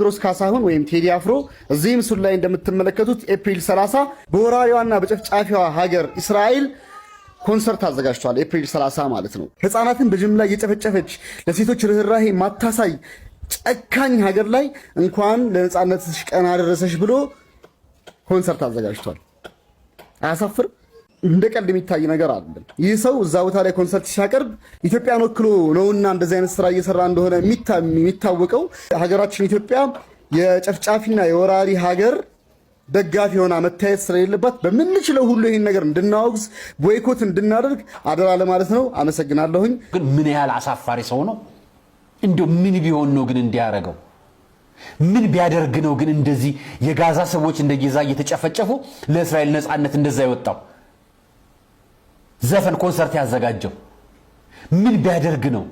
ቴዎድሮስ ካሳሁን ወይም ቴዲ አፍሮ እዚህ ምስሉ ላይ እንደምትመለከቱት ኤፕሪል 30 በወራሪዋና በጨፍጫፊዋ ሀገር እስራኤል ኮንሰርት አዘጋጅቷል። ኤፕሪል 30 ማለት ነው። ህፃናትን በጅምላ እየጨፈጨፈች ለሴቶች ርኅራሄ ማታሳይ ጨካኝ ሀገር ላይ እንኳን ለነፃነትሽ ቀን አደረሰሽ ብሎ ኮንሰርት አዘጋጅቷል። አያሳፍርም? እንደ ቀልድ የሚታይ ነገር አለ። ይህ ሰው እዛ ቦታ ላይ ኮንሰርት ሲያቀርብ ኢትዮጵያን ወክሎ ነውና እንደዚህ አይነት ስራ እየሰራ እንደሆነ የሚታወቀው። ሀገራችን ኢትዮጵያ የጨፍጫፊና የወራሪ ሀገር ደጋፊ የሆነ መታየት ስለሌለባት በምንችለው ሁሉ ይህን ነገር እንድናወግዝ ቦይኮት እንድናደርግ አደራ ለማለት ነው። አመሰግናለሁኝ። ግን ምን ያህል አሳፋሪ ሰው ነው! እንዲሁ ምን ቢሆን ነው ግን እንዲያደረገው ምን ቢያደርግ ነው ግን እንደዚህ የጋዛ ሰዎች እንደ ጌዛ እየተጨፈጨፉ ለእስራኤል ነፃነት እንደዛ ይወጣው? ዘፈን ኮንሰርት ያዘጋጀው? ምን ቢያደርግ ነው?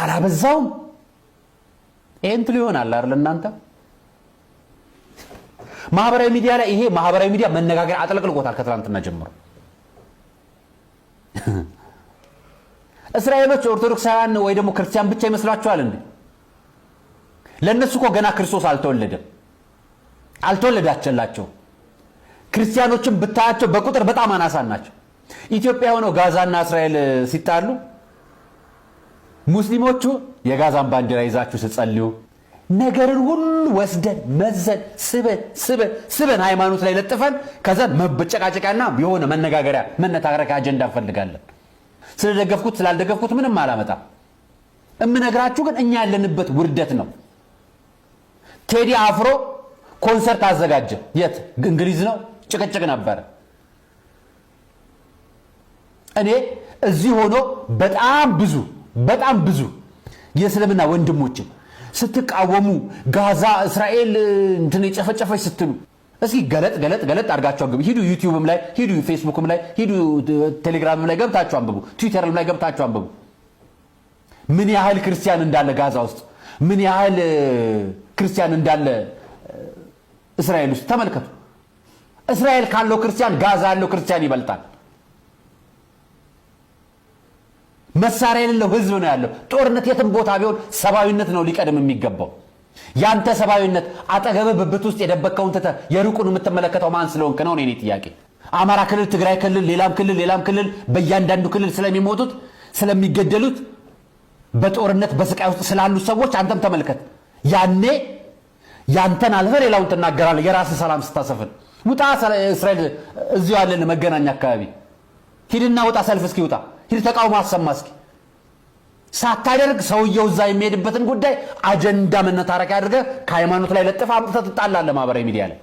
አላበዛውም? ኤንትሉ ይሆናል አይደል? እናንተ ማህበራዊ ሚዲያ ላይ ይሄ ማህበራዊ ሚዲያ መነጋገር አጥለቅልቆታል። ከትላንትና ጀምሮ እስራኤሎች ኦርቶዶክሳውያን ወይ ደግሞ ክርስቲያን ብቻ ይመስላችኋል እንዴ? ለእነሱ እኮ ገና ክርስቶስ አልተወለደም፣ አልተወለዳቸላቸው። ክርስቲያኖችን ብታያቸው በቁጥር በጣም አናሳን ናቸው። ኢትዮጵያ ሆነው ጋዛና እስራኤል ሲጣሉ ሙስሊሞቹ የጋዛን ባንዲራ ይዛችሁ ስጸልዩ ነገርን ሁሉ ወስደን መዘን ስበን ስበን ስበን ሃይማኖት ላይ ለጥፈን ከዛን መበጨቃጨቃና የሆነ መነጋገሪያ መነታረካ አጀንዳ እንፈልጋለን። ስለደገፍኩት ስላልደገፍኩት ምንም አላመጣም። እምነግራችሁ ግን እኛ ያለንበት ውርደት ነው። ቴዲ አፍሮ ኮንሰርት አዘጋጀ። የት እንግሊዝ ነው። ጭቅጭቅ ነበረ። እኔ እዚህ ሆኖ በጣም ብዙ በጣም ብዙ የእስልምና ወንድሞችን ስትቃወሙ ጋዛ እስራኤል እንትን የጨፈጨፈች ስትሉ እስኪ ገለጥ ገለጥ ገለጥ አድርጋችሁ አንብቡ። ሂዱ ዩቲዩብም ላይ ሂዱ ፌስቡክም ላይ ሂዱ ቴሌግራምም ላይ ገብታችሁ አንብቡ። ትዊተርም ላይ ገብታችሁ አንብቡ። ምን ያህል ክርስቲያን እንዳለ ጋዛ ውስጥ፣ ምን ያህል ክርስቲያን እንዳለ እስራኤል ውስጥ ተመልከቱ። እስራኤል ካለው ክርስቲያን ጋዛ ያለው ክርስቲያን ይበልጣል። መሳሪያ የሌለው ህዝብ ነው ያለው። ጦርነት የትም ቦታ ቢሆን ሰብአዊነት ነው ሊቀድም የሚገባው። ያንተ ሰብአዊነት አጠገብህ ብብት ውስጥ የደበቀውን ትተህ የሩቁን የምትመለከተው ማን ስለሆንክ ነው? እኔ ጥያቄ አማራ ክልል፣ ትግራይ ክልል፣ ሌላም ክልል ሌላም ክልል በእያንዳንዱ ክልል ስለሚሞቱት ስለሚገደሉት፣ በጦርነት በስቃይ ውስጥ ስላሉ ሰዎች አንተም ተመልከት። ያኔ ያንተን አልፈ ሌላውን ትናገራለህ። የራስህ ሰላም ስታሰፍን ውጣ። እስራኤል እዚሁ ያለን መገናኛ አካባቢ ሂድና ውጣ፣ ሰልፍ እስኪ ውጣ ሂድ ተቃውሞ አሰማ እስኪ ሳታደርግ ሰውየው እዛ የሚሄድበትን ጉዳይ አጀንዳ መነታረኪያ አድርገህ ከሃይማኖት ላይ ለጥፈህ አምጥተህ ትጣላለህ ማህበራዊ ሚዲያ ላይ።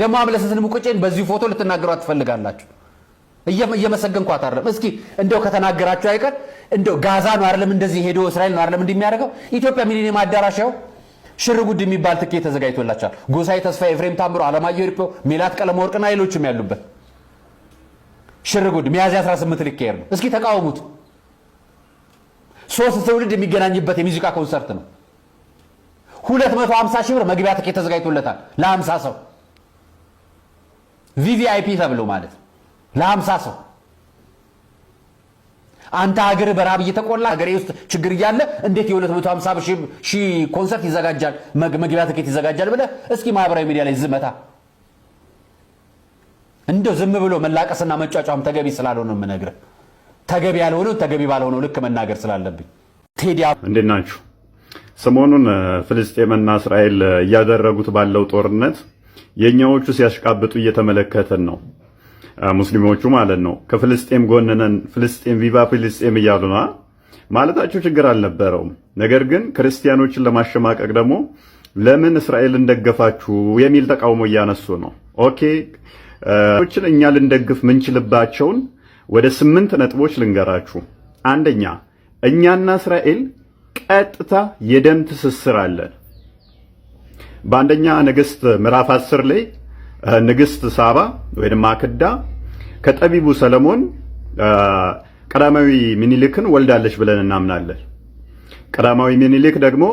ደግሞ አምለሰትን ሙቁጭን በዚህ ፎቶ ልትናገሯ ትፈልጋላችሁ። እየመሰገንኳት አይደለም። እስኪ እንደው ከተናገራችሁ አይቀር እንደው ጋዛ ነው አይደለም እንደዚህ ሄዶ እስራኤል ነው አይደለም እንደሚያደርገው ኢትዮጵያ ሚሊኒየም አዳራሽ ያው ሽርጉድ የሚባል ትኬት ተዘጋጅቶላቸዋል። ጎሳዬ ተስፋዬ፣ ኤፍሬም ታምሮ፣ አለማየሁ ሪፖ፣ ሜላት ቀለመወርቅና ሌሎችም ያሉበት ሽርጉድ ሚያዝያ 18 ሊካሄድ ነው። እስኪ ተቃወሙት። ሶስት ትውልድ የሚገናኝበት የሙዚቃ ኮንሰርት ነው። 250 ሺህ ብር መግቢያ ትኬት ተዘጋጅቶለታል ለ50 ሰው ቪቪአይፒ ተብሎ ማለት ለ50 ሰው። አንተ ሀገር በረሃብ እየተቆላ ሀገሬ ውስጥ ችግር እያለ እንዴት የ250 ሺህ ኮንሰርት ይዘጋጃል መግቢያ ትኬት ይዘጋጃል ብለህ እስኪ ማህበራዊ ሚዲያ ላይ ዝመታ እንደው ዝም ብሎ መላቀስና መጫጫም ተገቢ ስላልሆነ የምነግርህ ተገቢ ያልሆነው ተገቢ ባልሆነው ልክ መናገር ስላለብኝ። ቴዲ እንዴት ናችሁ? ሰሞኑን ፍልስጤምና እስራኤል እያደረጉት ባለው ጦርነት የእኛዎቹ ሲያሽቃብጡ እየተመለከትን ነው። ሙስሊሞቹ ማለት ነው። ከፍልስጤም ጎን ፍልስጤም ቪቫ ፍልስጤም እያሉ ማለታቸው ችግር አልነበረውም። ነገር ግን ክርስቲያኖችን ለማሸማቀቅ ደግሞ ለምን እስራኤልን ደገፋችሁ የሚል ተቃውሞ እያነሱ ነው። ኦኬ ችን እኛ ልንደግፍ ምንችልባቸውን ወደ ስምንት ነጥቦች ልንገራችሁ። አንደኛ እኛና እስራኤል ቀጥታ የደም ትስስር አለን። በአንደኛ ንግስት ምዕራፍ 10 ላይ ንግስት ሳባ ወይም አክዳ ከጠቢቡ ሰለሞን ቀዳማዊ ሚኒሊክን ወልዳለች ብለን እናምናለን። ቀዳማዊ ሚኒሊክ ደግሞ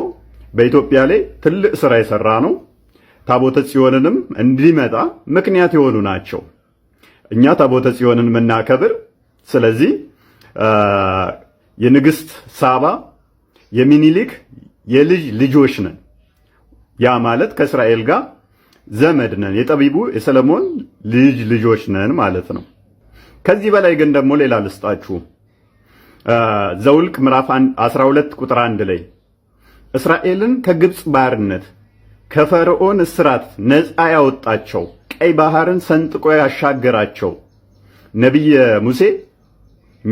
በኢትዮጵያ ላይ ትልቅ ስራ የሰራ ነው። ታቦተ ጽዮንንም እንዲመጣ ምክንያት የሆኑ ናቸው። እኛ ታቦተ ጽዮንን የምናከብር ስለዚህ የንግስት ሳባ የሚኒሊክ የልጅ ልጆች ነን። ያ ማለት ከእስራኤል ጋር ዘመድ ነን። የጠቢቡ የሰለሞን ልጅ ልጆች ነን ማለት ነው። ከዚህ በላይ ግን ደግሞ ሌላ ልስጣችሁ። ዘውልቅ ምዕራፍ 12 ቁጥር 1 ላይ እስራኤልን ከግብፅ ባርነት ከፈርዖን እስራት ነፃ ያወጣቸው ቀይ ባህርን ሰንጥቆ ያሻገራቸው ነቢየ ሙሴ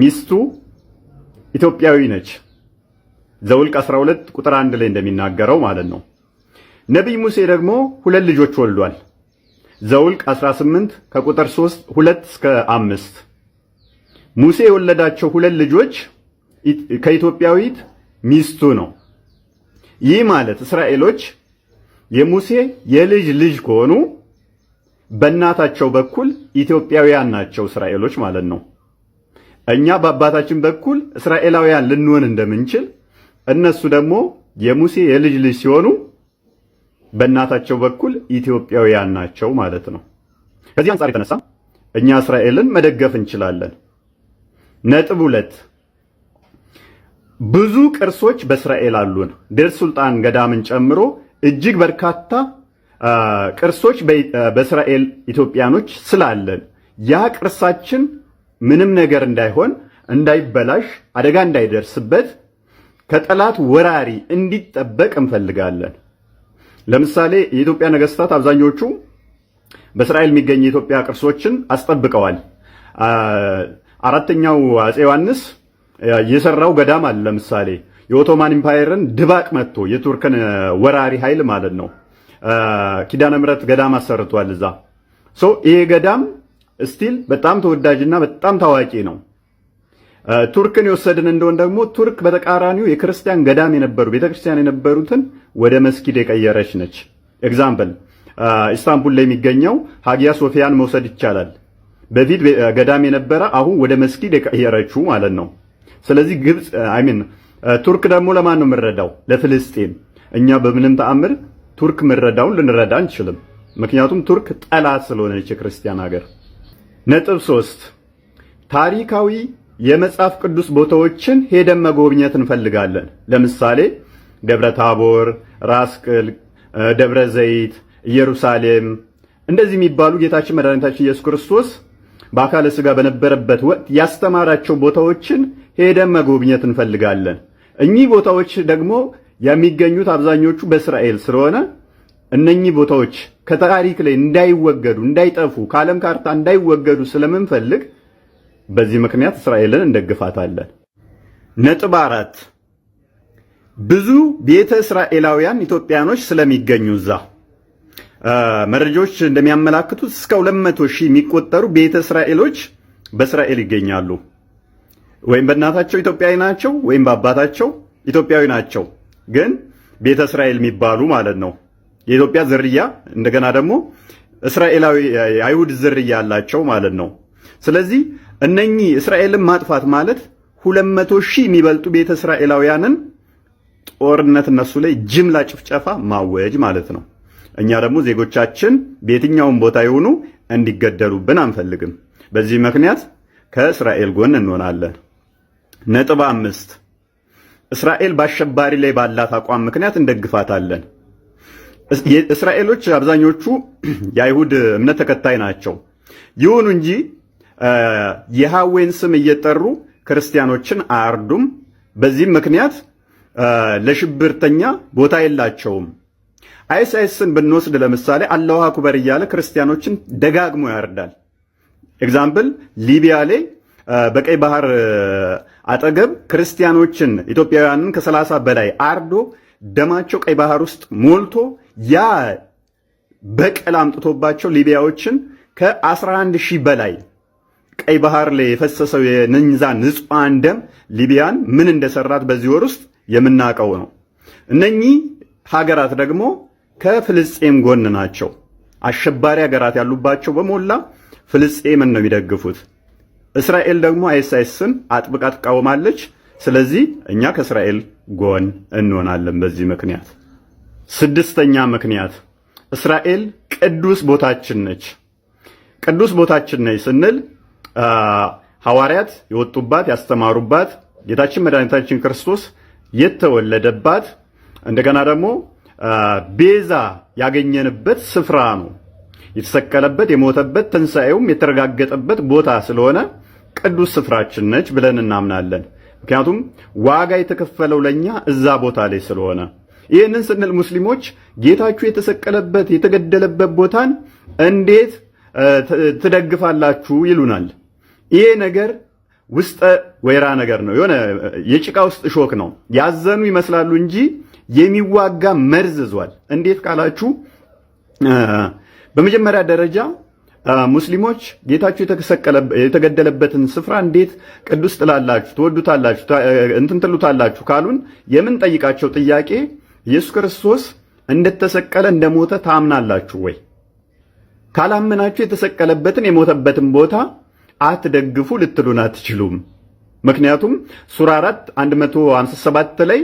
ሚስቱ ኢትዮጵያዊ ነች። ዘውልቅ 12 ቁጥር 1 ላይ እንደሚናገረው ማለት ነው። ነቢይ ሙሴ ደግሞ ሁለት ልጆች ወልዷል። ዘውልቅ 18 ከቁጥር 3 2 እስከ 5 ሙሴ የወለዳቸው ሁለት ልጆች ከኢትዮጵያዊት ሚስቱ ነው። ይህ ማለት እስራኤሎች የሙሴ የልጅ ልጅ ከሆኑ በእናታቸው በኩል ኢትዮጵያውያን ናቸው እስራኤሎች ማለት ነው። እኛ በአባታችን በኩል እስራኤላውያን ልንሆን እንደምንችል እነሱ ደግሞ የሙሴ የልጅ ልጅ ሲሆኑ በእናታቸው በኩል ኢትዮጵያውያን ናቸው ማለት ነው። ከዚህ አንጻር የተነሳ እኛ እስራኤልን መደገፍ እንችላለን። ነጥብ ሁለት ብዙ ቅርሶች በእስራኤል አሉን። ዴር ሱልጣን ገዳምን ጨምሮ እጅግ በርካታ ቅርሶች በእስራኤል ኢትዮጵያኖች ስላለን ያ ቅርሳችን ምንም ነገር እንዳይሆን እንዳይበላሽ አደጋ እንዳይደርስበት ከጠላት ወራሪ እንዲጠበቅ እንፈልጋለን። ለምሳሌ የኢትዮጵያ ነገስታት አብዛኞቹ በእስራኤል የሚገኙ የኢትዮጵያ ቅርሶችን አስጠብቀዋል። አራተኛው አፄ ዮሐንስ የሰራው ገዳም አለ ለምሳሌ የኦቶማን ኢምፓየርን ድባቅ መጥቶ የቱርክን ወራሪ ኃይል ማለት ነው ኪዳነ ምረት ገዳም አሰርቷል እዛ። ይሄ ገዳም ስቲል በጣም ተወዳጅና በጣም ታዋቂ ነው። ቱርክን የወሰድን እንደሆን ደግሞ ቱርክ በተቃራኒው የክርስቲያን ገዳም የነበሩ ቤተክርስቲያን የነበሩትን ወደ መስጊድ የቀየረች ነች። ኤግዛምፕል ኢስታንቡል ላይ የሚገኘው ሀጊያ ሶፊያን መውሰድ ይቻላል። በፊት ገዳም የነበረ አሁን ወደ መስጊድ የቀየረችው ማለት ነው። ስለዚህ ግብፅ አይ ሚን ቱርክ ደግሞ ለማን ነው የምንረዳው? ለፍልስጤም። እኛ በምንም ተአምር ቱርክ ምረዳውን ልንረዳ አንችልም። ምክንያቱም ቱርክ ጠላት ስለሆነች የክርስቲያን ሀገር። ነጥብ ሶስት ታሪካዊ የመጽሐፍ ቅዱስ ቦታዎችን ሄደን መጎብኘት እንፈልጋለን። ለምሳሌ ደብረ ታቦር፣ ራስ ቅል፣ ደብረ ዘይት፣ ኢየሩሳሌም እንደዚህ የሚባሉ ጌታችን መድኃኒታችን ኢየሱስ ክርስቶስ በአካለ ስጋ በነበረበት ወቅት ያስተማራቸው ቦታዎችን ሄደን መጎብኘት እንፈልጋለን። እኚህ ቦታዎች ደግሞ የሚገኙት አብዛኞቹ በእስራኤል ስለሆነ እነኚህ ቦታዎች ከታሪክ ላይ እንዳይወገዱ እንዳይጠፉ ከዓለም ካርታ እንዳይወገዱ ስለምንፈልግ በዚህ ምክንያት እስራኤልን እንደግፋታለን። ነጥብ አራት ብዙ ቤተ እስራኤላውያን ኢትዮጵያኖች ስለሚገኙ እዛ መረጃዎች እንደሚያመላክቱት እስከ 200 ሺህ የሚቆጠሩ ቤተ እስራኤሎች በእስራኤል ይገኛሉ። ወይም በእናታቸው ኢትዮጵያዊ ናቸው ወይም በአባታቸው ኢትዮጵያዊ ናቸው። ግን ቤተ እስራኤል የሚባሉ ማለት ነው የኢትዮጵያ ዝርያ እንደገና ደግሞ እስራኤላዊ አይሁድ ዝርያ አላቸው ማለት ነው። ስለዚህ እነኚህ እስራኤልን ማጥፋት ማለት 200 ሺህ የሚበልጡ ቤተ እስራኤላውያንን ጦርነት እነሱ ላይ ጅምላ ጭፍጨፋ ማወጅ ማለት ነው። እኛ ደግሞ ዜጎቻችን በየትኛውም ቦታ የሆኑ እንዲገደሉብን አንፈልግም። በዚህ ምክንያት ከእስራኤል ጎን እንሆናለን። ነጥብ አምስት እስራኤል በአሸባሪ ላይ ባላት አቋም ምክንያት እንደግፋታለን። እስራኤሎች አብዛኞቹ የአይሁድ እምነት ተከታይ ናቸው። ይሁኑ እንጂ የሃዌን ስም እየጠሩ ክርስቲያኖችን አያርዱም። በዚህም ምክንያት ለሽብርተኛ ቦታ የላቸውም። አይሳይስን ብንወስድ ለምሳሌ አላሁ አክበር እያለ ክርስቲያኖችን ደጋግሞ ያርዳል። ኤግዛምፕል ሊቢያ ላይ በቀይ ባህር አጠገብ ክርስቲያኖችን ኢትዮጵያውያንን ከሰላሳ በላይ አርዶ ደማቸው ቀይ ባህር ውስጥ ሞልቶ ያ በቀል አምጥቶባቸው ሊቢያዎችን ከ11 ሺህ በላይ ቀይ ባህር ላይ የፈሰሰው የነኝዛ ንጹሐን ደም ሊቢያን ምን እንደሰራት በዚህ ወር ውስጥ የምናውቀው ነው። እነኚህ ሀገራት ደግሞ ከፍልስጤም ጎን ናቸው። አሸባሪ ሀገራት ያሉባቸው በሞላ ፍልስጤምን ነው የሚደግፉት። እስራኤል ደግሞ አይኤስአይስን አጥብቃ ትቃወማለች። ስለዚህ እኛ ከእስራኤል ጎን እንሆናለን። በዚህ ምክንያት ስድስተኛ ምክንያት እስራኤል ቅዱስ ቦታችን ነች። ቅዱስ ቦታችን ነች ስንል ሐዋርያት የወጡባት ያስተማሩባት ጌታችን መድኃኒታችን ክርስቶስ የተወለደባት እንደገና ደግሞ ቤዛ ያገኘንበት ስፍራ ነው። የተሰቀለበት፣ የሞተበት፣ ትንሣኤውም የተረጋገጠበት ቦታ ስለሆነ ቅዱስ ስፍራችን ነች ብለን እናምናለን። ምክንያቱም ዋጋ የተከፈለው ለእኛ እዛ ቦታ ላይ ስለሆነ ይህንን ስንል ሙስሊሞች ጌታችሁ የተሰቀለበት የተገደለበት ቦታን እንዴት ትደግፋላችሁ ይሉናል። ይሄ ነገር ውስጠ ወይራ ነገር ነው፣ የሆነ የጭቃ ውስጥ እሾክ ነው። ያዘኑ ይመስላሉ እንጂ የሚዋጋ መርዝ ይዟል። እንዴት ካላችሁ በመጀመሪያ ደረጃ ሙስሊሞች ጌታችሁ የተገደለበትን ስፍራ እንዴት ቅዱስ ትላላችሁ፣ ትወዱታላችሁ፣ እንትን ትሉታላችሁ ካሉን የምንጠይቃቸው ጥያቄ ኢየሱስ ክርስቶስ እንደተሰቀለ እንደሞተ ታምናላችሁ ወይ? ካላመናችሁ የተሰቀለበትን የሞተበትን ቦታ አትደግፉ ልትሉን አትችሉም። ምክንያቱም ሱራ 4 157 ላይ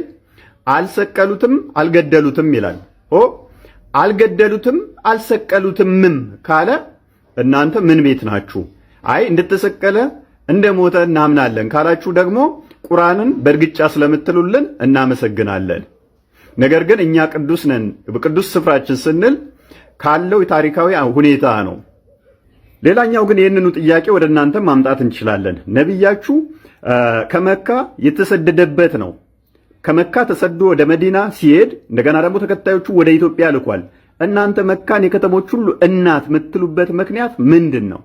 አልሰቀሉትም አልገደሉትም ይላል። ኦ አልገደሉትም አልሰቀሉትምም ካለ እናንተ ምን ቤት ናችሁ? አይ እንደተሰቀለ እንደሞተ እናምናለን ካላችሁ ደግሞ ቁርአንን በእርግጫ ስለምትሉልን እናመሰግናለን። ነገር ግን እኛ ቅዱስ ነን፣ በቅዱስ ስፍራችን ስንል ካለው ታሪካዊ ሁኔታ ነው። ሌላኛው ግን ይህንኑ ጥያቄ ወደ እናንተ ማምጣት እንችላለን። ነቢያችሁ ከመካ የተሰደደበት ነው። ከመካ ተሰዶ ወደ መዲና ሲሄድ እንደገና ደግሞ ተከታዮቹ ወደ ኢትዮጵያ ልኳል። እናንተ መካን የከተሞች ሁሉ እናት የምትሉበት ምክንያት ምንድን ነው?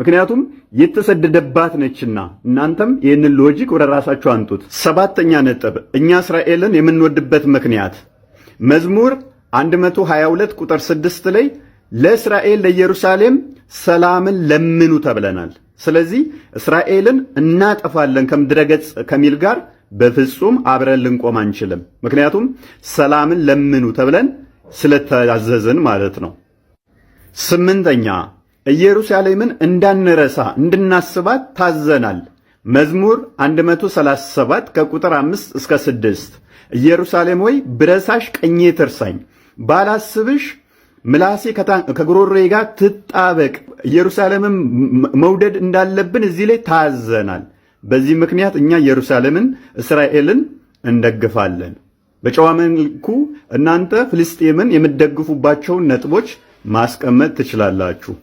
ምክንያቱም የተሰደደባት ነችና። እናንተም ይህንን ሎጂክ ወደ ራሳችሁ አንጡት። ሰባተኛ ነጥብ እኛ እስራኤልን የምንወድበት ምክንያት መዝሙር 122 ቁጥር 6 ላይ ለእስራኤል ለኢየሩሳሌም ሰላምን ለምኑ ተብለናል። ስለዚህ እስራኤልን እናጠፋለን ከምድረገጽ ከሚል ጋር በፍጹም አብረን ልንቆም አንችልም። ምክንያቱም ሰላምን ለምኑ ተብለን ስለተያዘዝን ማለት ነው። ስምንተኛ ኢየሩሳሌምን እንዳንረሳ እንድናስባት ታዘናል። መዝሙር 137 ከቁጥር 5 እስከ 6 ኢየሩሳሌም ወይ ብረሳሽ ቀኜ ትርሳኝ፣ ባላስብሽ ምላሴ ከግሮሬ ጋር ትጣበቅ። ኢየሩሳሌምን መውደድ እንዳለብን እዚህ ላይ ታዘናል። በዚህ ምክንያት እኛ ኢየሩሳሌምን፣ እስራኤልን እንደግፋለን። በጨዋ መልኩ እናንተ ፍልስጤምን የምትደግፉባቸውን ነጥቦች ማስቀመጥ ትችላላችሁ።